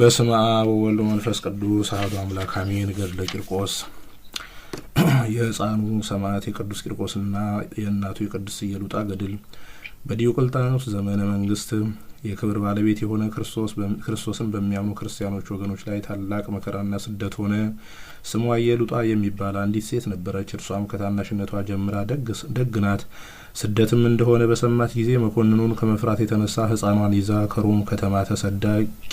በስመ አብ ወወልድ መንፈስ ቅዱስ አሐዱ አምላክ አሜን። ገድለ ቂርቆስ። የሕፃኑ ሰማዕት የቅዱስ ቂርቆስና የእናቱ የቅድስት እየሉጣ ገድል በዲዮቅልጥያኖስ ዘመነ መንግስት የክብር ባለቤት የሆነ ክርስቶስን በሚያምኑ ክርስቲያኖች ወገኖች ላይ ታላቅ መከራና ስደት ሆነ። ስሟ የሉጣ የሚባል አንዲት ሴት ነበረች። እርሷም ከታናሽነቷ ጀምራ ደግ ናት። ስደትም እንደሆነ በሰማት ጊዜ መኮንኑን ከመፍራት የተነሳ ሕፃኗን ይዛ ከሮም ከተማ ተሰዳ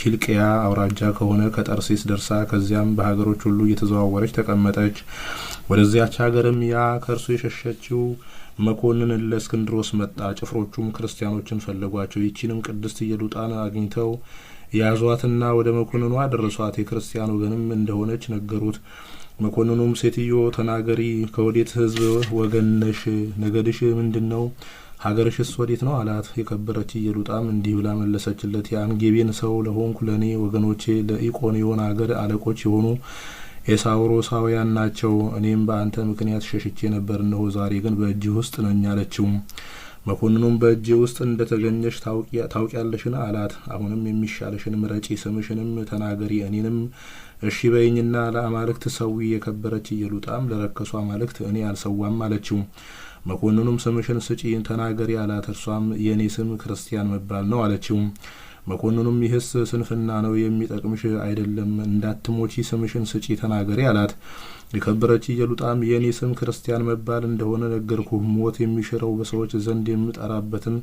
ኪልቅያ አውራጃ ከሆነ ከጠርሴስ ደርሳ ከዚያም በሀገሮች ሁሉ እየተዘዋወረች ተቀመጠች። ወደዚያች ሀገርም ያ ከእርሱ የሸሸችው መኮንን ለእስክንድሮስ መጣ። ጭፍሮቹም ክርስቲያኖችን ፈለጓቸው። ይቺንም ቅድስት እየሉጣን አግኝተው ያዟትና ወደ መኮንኑ አደረሷት። የክርስቲያን ወገንም እንደሆነች ነገሩት። መኮንኑም ሴትዮ ተናገሪ፣ ከወዴት ህዝብ ወገን ነሽ? ነገድሽ ምንድን ነው? ሀገርሽስ ወዴት ነው አላት። የከበረች እየሉጣም እንዲህ ብላ መለሰችለት የአንጌቤን ሰው ለሆንኩ ለእኔ ወገኖቼ ለኢቆንዮን አገር አለቆች የሆኑ ኤሳውሮሳውያን ናቸው። እኔም በአንተ ምክንያት ሸሽቼ ነበር፣ እነሆ ዛሬ ግን በእጅህ ውስጥ ነኝ አለችው። መኮንኑም በእጅ ውስጥ እንደ ተገኘሽ ታውቂያለሽን? አላት። አሁንም የሚሻለሽን ምረጪ፣ ስምሽንም ተናገሪ፣ እኔንም እሺ በይኝና ለአማልክት ሰዊ። የከበረች እየሉጣም ለረከሱ አማልክት እኔ አልሰዋም አለችው። መኮንኑም ስምሽን ስጪ፣ ተናገሪ አላት። እርሷም የእኔ ስም ክርስቲያን መባል ነው አለችው። መኮንኑም ይህስ ስንፍና ነው፣ የሚጠቅምሽ አይደለም፣ እንዳትሞቺ ስምሽን ስጪ ተናገሪ አላት። የከበረች የሉጣም የእኔ ስም ክርስቲያን መባል እንደሆነ ነገርኩ ሞት የሚሽረው በሰዎች ዘንድ የምጠራበትን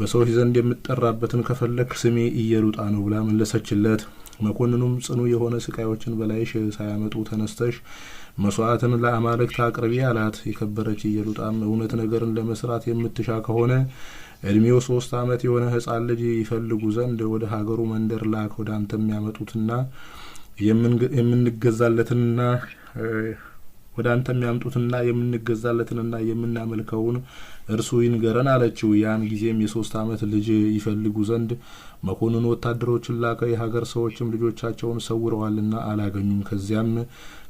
በሰዎች ዘንድ የምጠራበትን ከፈለክ ስሜ እየሉጣ ነው ብላ መለሰችለት። መኮንኑም ጽኑ የሆነ ስቃዮችን በላይሽ ሳያመጡ ተነስተሽ መስዋዕትን ለአማልክት አቅርቢ አላት። የከበረች ኢየሉጣም እውነት ነገርን ለመስራት የምትሻ ከሆነ እድሜው ሶስት ዓመት የሆነ ህጻን ልጅ ይፈልጉ ዘንድ ወደ ሀገሩ መንደር ላክ፣ ወደ አንተ የሚያመጡትና የምንገዛለትንና ወደ አንተ የሚያምጡትና የምንገዛለትንና የምናመልከውን እርሱ ይንገረን አለችው። ያን ጊዜም የሶስት ዓመት ልጅ ይፈልጉ ዘንድ መኮንን ወታደሮችን ላከ። የሀገር ሰዎችም ልጆቻቸውን ሰውረዋልና አላገኙም። ከዚያም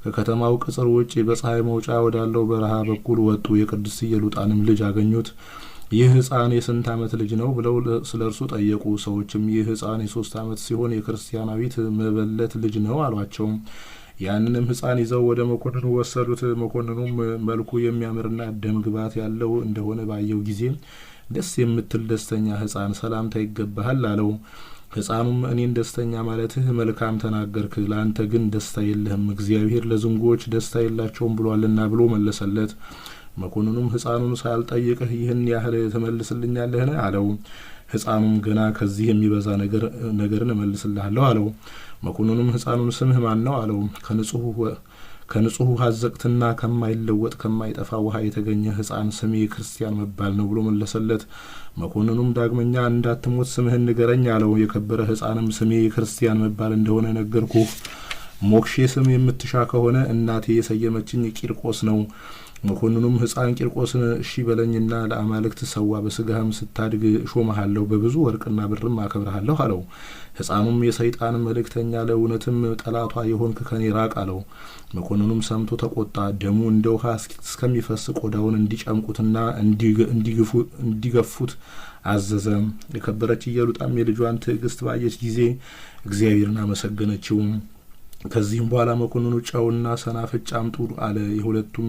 ከከተማው ቅጽር ውጭ በፀሐይ መውጫ ወዳለው በረሃ በኩል ወጡ። የቅድስት የሉጣንም ልጅ አገኙት። ይህ ህፃን የስንት ዓመት ልጅ ነው ብለው ስለ እርሱ ጠየቁ። ሰዎችም ይህ ህፃን የሶስት ዓመት ሲሆን የክርስቲያናዊት መበለት ልጅ ነው አሏቸው። ያንንም ህፃን ይዘው ወደ መኮንኑ ወሰዱት። መኮንኑም መልኩ የሚያምርና ግባት ያለው እንደሆነ ባየው ጊዜ ደስ የምትል ደስተኛ ህፃን ሰላምታ ይገባሃል አለው። ህፃኑም እኔን ደስተኛ ማለትህ መልካም ተናገርክ፣ ለአንተ ግን ደስታ የለህም፣ እግዚአብሔር ለዝንጎዎች ደስታ የላቸውም ብሏልና ብሎ መለሰለት። መኮንኑም ህፃኑን ሳያልጠይቅህ ይህን ያህል ትመልስልኛለህን? አለው። ሕፃኑም ገና ከዚህ የሚበዛ ነገርን እመልስልሃለሁ አለው። መኮንኑም ህፃኑን ስምህ ማን ነው? አለው። ከንጹሕ ሐዘቅትና ከማይለወጥ ከማይጠፋ ውሃ የተገኘ ህፃን ስሜ ክርስቲያን መባል ነው ብሎ መለሰለት። መኮንኑም ዳግመኛ እንዳትሞት ስምህን ንገረኝ አለው። የከበረ ህፃንም ስሜ ክርስቲያን መባል እንደሆነ ነገርኩ ሞክሼ ስም የምትሻ ከሆነ እናቴ የሰየመችኝ ቂርቆስ ነው መኮንኑም ህፃን ቂርቆስን እሺ በለኝና ለአማልክት ሰዋ፣ በስጋህም ስታድግ እሾመሃለሁ፣ በብዙ ወርቅና ብርም አከብረሃለሁ አለው። ህፃኑም የሰይጣን መልእክተኛ ለእውነትም ጠላቷ የሆንክ ከኔ ራቅ አለው። መኮንኑም ሰምቶ ተቆጣ። ደሙ እንደ ውሃ እስከሚፈስ ቆዳውን እንዲጨምቁትና እንዲገፉት አዘዘ። የከበረች ኢየሉጣም የልጇን ትዕግስት ባየች ጊዜ እግዚአብሔርን አመሰገነችው። ከዚህም በኋላ መኮንኑ ጨውና ሰናፍጭ አምጡ አለ። የሁለቱም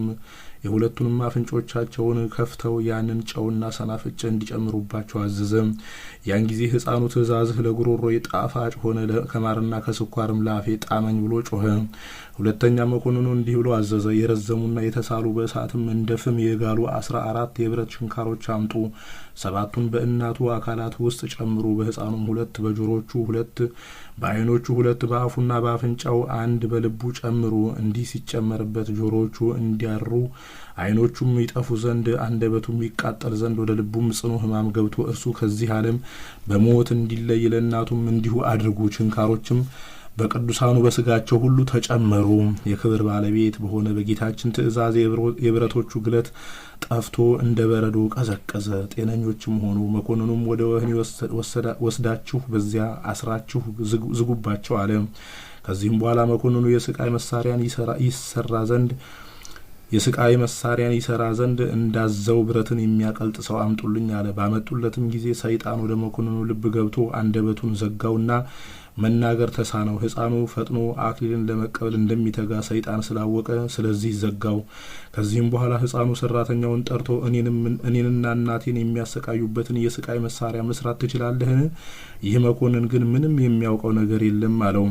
የሁለቱንም አፍንጮቻቸውን ከፍተው ያንን ጨውና ሰናፍጭ እንዲጨምሩባቸው አዘዘም። ያን ጊዜ ህፃኑ ትእዛዝህ ለጉሮሮ ጣፋጭ ሆነ፣ ከማርና ከስኳርም ላፌ ጣመኝ ብሎ ጮኸ። ሁለተኛ መኮንኑ እንዲህ ብሎ አዘዘ። የረዘሙና የተሳሉ በእሳትም እንደ ፍም የጋሉ አስራ አራት የብረት ችንካሮች አምጡ። ሰባቱን በእናቱ አካላት ውስጥ ጨምሮ በሕፃኑም ሁለት በጆሮቹ ሁለት በዓይኖቹ ሁለት በአፉና በአፍንጫው አንድ በልቡ ጨምሩ። እንዲህ ሲጨመርበት ጆሮቹ እንዲያሩ ዓይኖቹም ይጠፉ ዘንድ አንደበቱም ይቃጠል ዘንድ ወደ ልቡም ጽኑ ሕማም ገብቶ እርሱ ከዚህ ዓለም በሞት እንዲለይ ለእናቱም እንዲሁ አድርጉ ችንካሮችም በቅዱሳኑ በስጋቸው ሁሉ ተጨመሩ። የክብር ባለቤት በሆነ በጌታችን ትእዛዝ የብረቶቹ ግለት ጠፍቶ እንደ በረዶ ቀዘቀዘ። ጤነኞችም ሆኑ። መኮንኑም ወደ ወህኒ ወስዳችሁ በዚያ አስራችሁ ዝጉባቸው አለ። ከዚህም በኋላ መኮንኑ የስቃይ መሳሪያን ይሰራ ዘንድ የስቃይ መሳሪያን ይሰራ ዘንድ እንዳዘው ብረትን የሚያቀልጥ ሰው አምጡልኝ አለ። ባመጡለትም ጊዜ ሰይጣን ወደ መኮንኑ ልብ ገብቶ አንደበቱን ዘጋውና መናገር ተሳነው። ህፃኑ ፈጥኖ አክሊልን ለመቀበል እንደሚተጋ ሰይጣን ስላወቀ ስለዚህ ዘጋው። ከዚህም በኋላ ህፃኑ ሰራተኛውን ጠርቶ እኔንና እናቴን የሚያሰቃዩበትን የስቃይ መሳሪያ መስራት ትችላለህን? ይህ መኮንን ግን ምንም የሚያውቀው ነገር የለም አለው።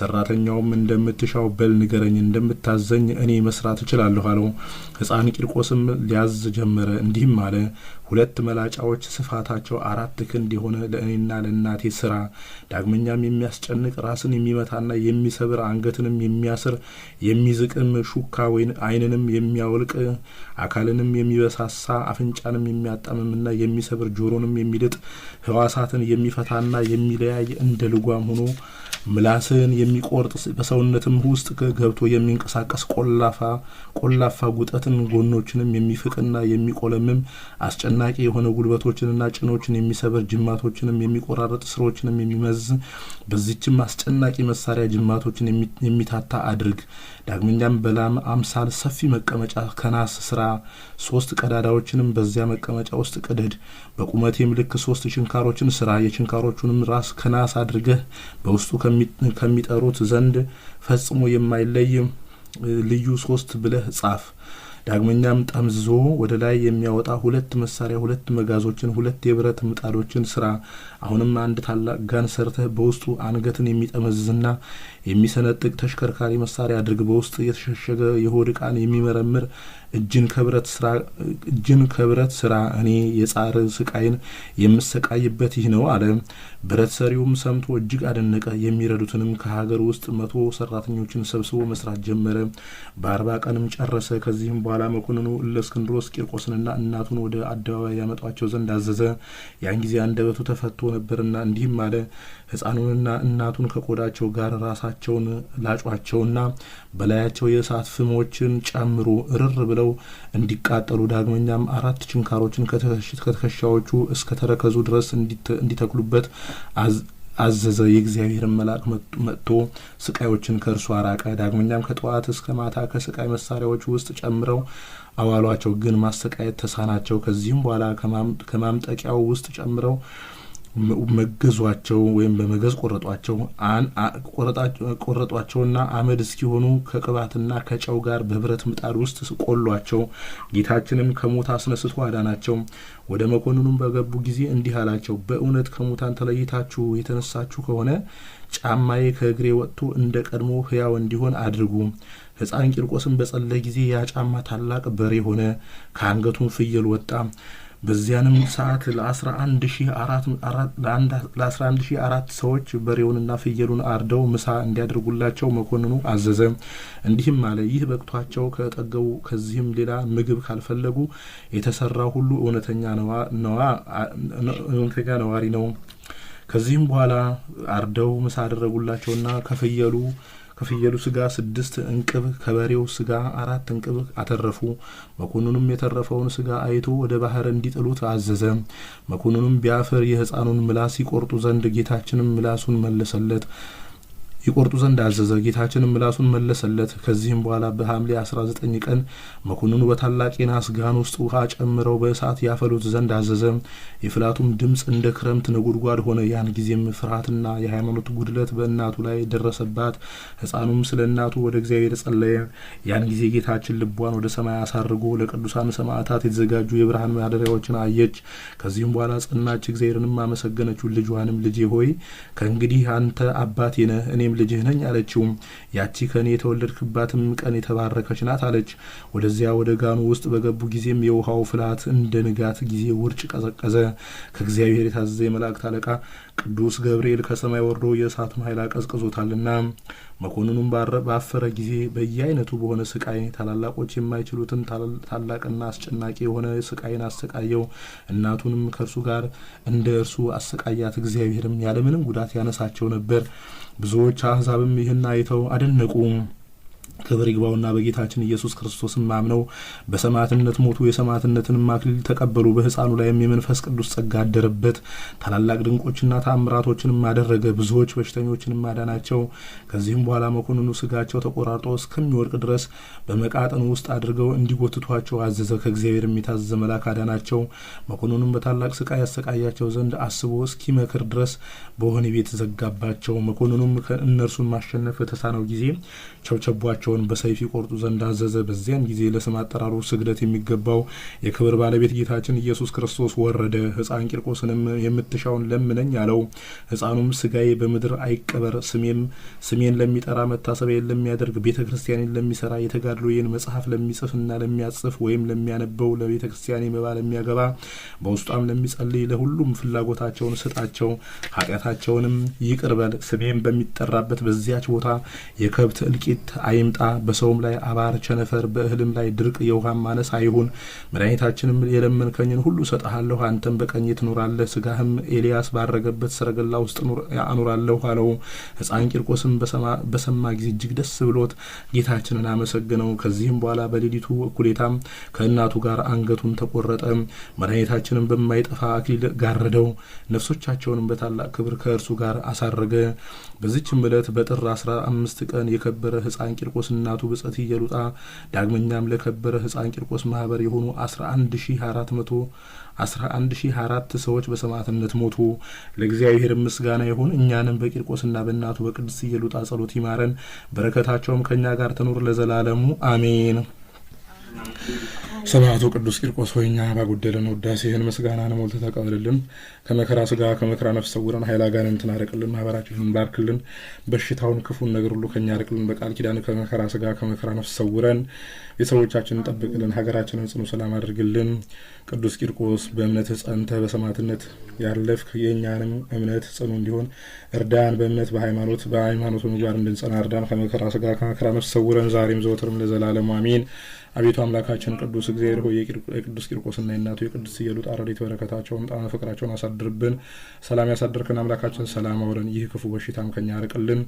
ሰራተኛውም እንደምትሻው በል ንገረኝ፣ እንደምታዘኝ እኔ መስራት እችላለሁ አለው። ህፃን ቂርቆስም ሊያዝ ጀመረ። እንዲህም አለ ሁለት መላጫዎች ስፋታቸው አራት ክንድ የሆነ ለእኔና ለእናቴ ስራ ዳግመኛም የሚያስጨንቅ ራስን የሚመታና የሚሰብር አንገትንም የሚያስር የሚዝቅም ሹካ አይንንም የሚያወልቅ አካልንም የሚበሳሳ አፍንጫንም የሚያጣምምና የሚሰብር ጆሮንም የሚልጥ ህዋሳትን የሚፈታና የሚለያይ እንደ ልጓም ሆኖ ምላስን የሚቆርጥ በሰውነትም ውስጥ ገብቶ የሚንቀሳቀስ ቆላፋ ቆላፋ ጉጠትን ጎኖችንም የሚፍቅና የሚቆለምም አስጨ አስደናቂ የሆነ ጉልበቶችንና ጭኖችን የሚሰብር ጅማቶችንም የሚቆራረጥ ስሮችንም የሚመዝ በዚችም አስጨናቂ መሳሪያ ጅማቶችን የሚታታ አድርግ። ዳግመኛም በላም አምሳል ሰፊ መቀመጫ ከናስ ስራ። ሶስት ቀዳዳዎችንም በዚያ መቀመጫ ውስጥ ቅደድ። በቁመቴም ልክ ሶስት ችንካሮችን ስራ። የችንካሮቹንም ራስ ከናስ አድርገህ በውስጡ ከሚጠሩት ዘንድ ፈጽሞ የማይለይ ልዩ ሶስት ብለህ ጻፍ። ዳግመኛም ጠምዝዞ ወደ ላይ የሚያወጣ ሁለት መሳሪያ ሁለት መጋዞችን ሁለት የብረት ምጣዶችን ስራ። አሁንም አንድ ታላቅ ጋን ሰርተህ በውስጡ አንገትን የሚጠመዝዝና የሚሰነጥቅ ተሽከርካሪ መሳሪያ አድርግ። በውስጥ የተሸሸገ የሆድ ዕቃን የሚመረምር እጅን ከብረት ስራ እኔ የጻር ስቃይን የምሰቃይበት ይህ ነው አለ። ብረት ሰሪውም ሰምቶ እጅግ አደነቀ። የሚረዱትንም ከሀገር ውስጥ መቶ ሰራተኞችን ሰብስቦ መስራት ጀመረ። በአርባ ቀንም ጨረሰ። ከዚህም በኋላ መኮንኑ እለእስክንድሮስ ቂርቆስንና እናቱን ወደ አደባባይ ያመጧቸው ዘንድ አዘዘ። ያን ጊዜ አንደበቱ ተፈቶ ነበርና እንዲህም አለ ሕፃኑንና እናቱን ከቆዳቸው ጋር ራሳቸውን ላጯቸውና በላያቸው የእሳት ፍሞችን ጨምሩ እርር ብለው እንዲቃጠሉ ዳግመኛም አራት ችንካሮችን ከትከሻዎቹ እስከ ተረከዙ ድረስ እንዲተክሉበት አዘዘ። የእግዚአብሔርን መልአክ መጥቶ ስቃዮችን ከእርሱ አራቀ። ዳግመኛም ከጠዋት እስከ ማታ ከስቃይ መሳሪያዎች ውስጥ ጨምረው አዋሏቸው፣ ግን ማሰቃየት ተሳናቸው። ከዚህም በኋላ ከማምጠቂያው ውስጥ ጨምረው መገዟቸው ወይም በመገዝ ቆረጧቸው ቆረጧቸውና አመድ እስኪሆኑ ከቅባትና ከጨው ጋር በብረት ምጣድ ውስጥ ቆሏቸው። ጌታችንም ከሞት አስነስቶ አዳናቸው። ወደ መኮንኑም በገቡ ጊዜ እንዲህ አላቸው፣ በእውነት ከሙታን ተለይታችሁ የተነሳችሁ ከሆነ ጫማዬ ከእግሬ ወጥቶ እንደ ቀድሞ ሕያው እንዲሆን አድርጉ። ሕፃን ቂርቆስም በጸለ ጊዜ ያ ጫማ ታላቅ በሬ ሆነ፣ ከአንገቱም ፍየል ወጣ። በዚያንም ሰዓት ለአስራ አንድ ሺህ አራት ሰዎች በሬውንና ፍየሉን አርደው ምሳ እንዲያደርጉላቸው መኮንኑ አዘዘ። እንዲህም አለ፣ ይህ በቅቷቸው ከጠገቡ ከዚህም ሌላ ምግብ ካልፈለጉ የተሰራ ሁሉ እውነተኛ ነዋሪ ነው። ከዚህም በኋላ አርደው ምሳ አደረጉላቸውና ከፍየሉ ከፍየሉ ስጋ ስድስት እንቅብ ከበሬው ስጋ አራት እንቅብ አተረፉ። መኮንኑም የተረፈውን ስጋ አይቶ ወደ ባህር እንዲጥሉት አዘዘ። መኮንኑም ቢያፍር የሕፃኑን ምላስ ይቆርጡ ዘንድ ጌታችንም ምላሱን መለሰለት። ይቆርጡ ዘንድ አዘዘ። ጌታችንም ምላሱን መለሰለት። ከዚህም በኋላ በሐምሌ 19 ቀን መኮንኑ በታላቅ የናስ ጋን ውስጥ ውሃ ጨምረው በእሳት ያፈሉት ዘንድ አዘዘ። የፍላቱም ድምፅ እንደ ክረምት ነጎድጓድ ሆነ። ያን ጊዜም ፍርሃትና የሃይማኖት ጉድለት በእናቱ ላይ ደረሰባት። ሕፃኑም ስለ እናቱ ወደ እግዚአብሔር ጸለየ። ያን ጊዜ ጌታችን ልቧን ወደ ሰማይ አሳርጎ ለቅዱሳን ሰማዕታት የተዘጋጁ የብርሃን ማደሪያዎችን አየች። ከዚህም በኋላ ጽናች እግዚአብሔርንም አመሰገነችው። ልጇንም ልጄ ሆይ ከእንግዲህ አንተ አባቴ ነህ እኔም ልጅህ ነኝ አለችው። ያቺ ከእኔ የተወለድክባትም ቀን የተባረከች ናት አለች። ወደዚያ ወደ ጋኑ ውስጥ በገቡ ጊዜም የውሃው ፍልሃት እንደ ንጋት ጊዜ ውርጭ ቀዘቀዘ። ከእግዚአብሔር የታዘዘ የመላእክት አለቃ ቅዱስ ገብርኤል ከሰማይ ወርዶ የእሳት ኃይል አቀዝቅዞታልና መኮንኑም ባፈረ ጊዜ በየአይነቱ በሆነ ስቃይ ታላላቆች የማይችሉትን ታላቅና አስጨናቂ የሆነ ስቃይን አሰቃየው። እናቱንም ከእርሱ ጋር እንደ እርሱ አሰቃያት። እግዚአብሔርም ያለምንም ጉዳት ያነሳቸው ነበር። ብዙዎች አሕዛብም ይህን አይተው አደነቁ። ክብር ይግባውና በጌታችን ኢየሱስ ክርስቶስም አምነው በሰማዕትነት ሞቱ። የሰማዕትነትንም አክሊል ተቀበሉ። በሕፃኑ ላይም የመንፈስ ቅዱስ ጸጋ አደረበት። ታላላቅ ድንቆችና ተአምራቶችንም አደረገ። ብዙዎች በሽተኞችንም አዳናቸው። ከዚህም በኋላ መኮንኑ ስጋቸው ተቆራርጦ እስከሚወድቅ ድረስ በመቃጠን ውስጥ አድርገው እንዲጎትቷቸው አዘዘ። ከእግዚአብሔር የሚታዘዘ መልአክ አዳናቸው። መኮንኑም በታላቅ ስቃይ ያሰቃያቸው ዘንድ አስቦ እስኪመክር ድረስ በወህኒ ቤት ዘጋባቸው። መኮንኑም እነርሱን ማሸነፍ በተሳነው ጊዜ ቸውቸቧቸው። ራሳቸውን በሰይፍ ይቆርጡ ዘንድ አዘዘ። በዚያን ጊዜ ለስም አጠራሩ ስግደት የሚገባው የክብር ባለቤት ጌታችን ኢየሱስ ክርስቶስ ወረደ። ሕፃን ቂርቆስንም የምትሻውን ለምነኝ አለው። ሕፃኑም ስጋዬ በምድር አይቀበር፣ ስሜም ስሜን ለሚጠራ መታሰቢያን ለሚያደርግ ቤተ ክርስቲያንን ለሚሰራ የተጋድሎዬን መጽሐፍ ለሚጽፍና ለሚያጽፍ ወይም ለሚያነበው ለቤተ ክርስቲያኔ መባ ለሚያገባ በውስጧም ለሚጸልይ ለሁሉም ፍላጎታቸውን ስጣቸው፣ ኃጢአታቸውንም ይቅርበል። ስሜም በሚጠራበት በዚያች ቦታ የከብት እልቂት አይምጣ ይምጣ። በሰውም ላይ አባር፣ ቸነፈር፣ በእህልም ላይ ድርቅ፣ የውሃም ማነስ አይሁን። መድኃኒታችንም የለመንከኝን ሁሉ እሰጥሃለሁ፣ አንተም በቀኝ ትኖራለህ፣ ስጋህም ኤልያስ ባረገበት ሰረገላ ውስጥ አኑራለሁ አለው። ህፃን ቂርቆስም በሰማ ጊዜ እጅግ ደስ ብሎት ጌታችንን አመሰገነው። ከዚህም በኋላ በሌሊቱ እኩሌታም ከእናቱ ጋር አንገቱን ተቆረጠ። መድኃኒታችንም በማይጠፋ አክሊል ጋረደው። ነፍሶቻቸውንም በታላቅ ክብር ከእርሱ ጋር አሳረገ። በዚችም ዕለት በጥር 15 ቀን የከበረ ህፃን ቂርቆስ ቂርቆስ እናቱ ብጸት እየሉጣ ዳግመኛም ለከበረ ህፃን ቂርቆስ ማህበር የሆኑ አስራ አንድ ሺህ አራት መቶ አስራ አንድ ሺህ አራት ሰዎች በሰማዕትነት ሞቱ። ለእግዚአብሔር ምስጋና ይሁን። እኛንም በቂርቆስና በእናቱ በቅድስት እየሉጣ ጸሎት ይማረን፣ በረከታቸውም ከእኛ ጋር ትኑር ለዘላለሙ አሜን። ስብሐቱ ቅዱስ ቂርቆስ ሆይ እኛ ባጎደለን ውዳሴህን ምስጋናን ሞልተህ ተቀበልልን። ከመከራ ስጋ ከመከራ ነፍስ ሰውረን፣ ኃይል ጋር እንትናረቅልን ማህበራችንን ባርክልን፣ በሽታውን ክፉን ነገር ሁሉ ከኛ አርቅልን። በቃል ኪዳን ከመከራ ስጋ ከመከራ ነፍስ ሰውረን፣ የሰዎቻችንን ጠብቅልን፣ ሀገራችንን ጽኑ ሰላም አድርግልን። ቅዱስ ቂርቆስ በእምነት ጸንተህ በሰማዕትነት ያለፍክ የእኛንም እምነት ጽኑ እንዲሆን እርዳን። በእምነት በሃይማኖት በሃይማኖት ምግባር እንድንጸና እርዳን። ከመከራ ስጋ ከመከራ ነፍስ ሰውረን ዛሬም ዘወትርም ለዘላለሙ አሜን። አቤቱ አምላካችን ቅዱስ እግዚአብሔር ሆይ የቅዱስ ቂርቆስና የእናቱ የቅዱስ ኢየሉጣ ረድኤት በረከታቸውን ጣዕመ ፍቅራቸውን አሳድርብን። ሰላም ያሳድርክን አምላካችን ሰላም አውለን። ይህ ክፉ በሽታም ከኛ አርቅልን።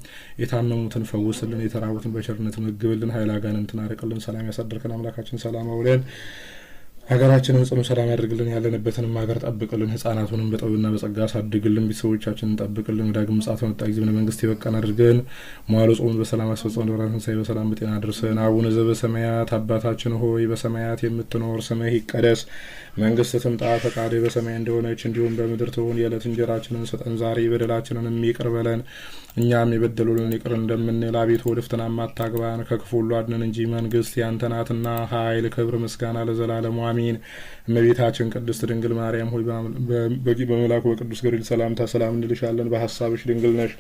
የታመሙትን ፈውስልን። የተራቡትን በቸርነት መግብልን። ኃይል አጋንንትን አርቅልን። ሰላም ያሳድርክን አምላካችን ሰላም አውለን። ሀገራችንን ጽኑ ሰላም ያደርግልን፣ ያለንበትንም ሀገር ጠብቅልን፣ ህጻናቱንም በጥበብና በጸጋ አሳድግልን፣ ቤተሰቦቻችንን ጠብቅልን፣ ዳግም ምጽአት በመጣ ጊዜ መንግስት የበቃን አድርገን፣ መዋሉ ጾሙን በሰላም አስፈጽመን፣ ደብረ ትንሣኤ በሰላም በጤና አድርሰን። አቡነ ዘበሰማያት አባታችን ሆይ በሰማያት የምትኖር ስምህ ይቀደስ፣ መንግስት ትምጣ፣ ፈቃድህ በሰማይ እንደሆነች እንዲሁም በምድር ትሆን። የዕለት እንጀራችንን ስጠን ዛሬ፣ በደላችንንም ይቅር በለን እኛም የበደሉልን ይቅር እንደምንል፣ አቤቱ ወደ ፈተናም አታግባን፣ ከክፉ ሁሉ አድነን እንጂ መንግስት ያንተ ናትና፣ ኃይል፣ ክብር፣ ምስጋና ለዘላለሙ አሚን። እመቤታችን ቅድስት ድንግል ማርያም ሆይ በመላኩ በቅዱስ ገብርኤል ሰላምታ ሰላም እንልሻለን። በሀሳብሽ ድንግል ነሽ፣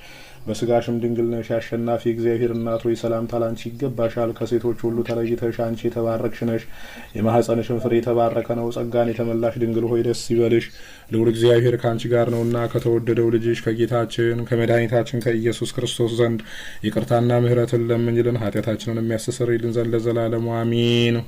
በስጋሽም ድንግል ነሽ። የአሸናፊ እግዚአብሔር እናት ሆይ ሰላምታ ላንቺ ይገባሻል። ከሴቶች ሁሉ ተለይተሽ አንቺ የተባረክሽ ነሽ፣ የማህፀንሽን ፍሬ የተባረከ ነው። ጸጋን የተመላሽ ድንግል ሆይ ደስ ይበልሽ፣ ልዑል እግዚአብሔር ከአንቺ ጋር ነውና ከተወደደው ልጅሽ ከጌታችን ከመድኃኒታችን ከኢየሱስ ክርስቶስ ዘንድ ይቅርታና ምሕረትን ለምኝልን ኃጢአታችንን የሚያስተሰርይልን ዘንድ ለዘላለሙ አሚን።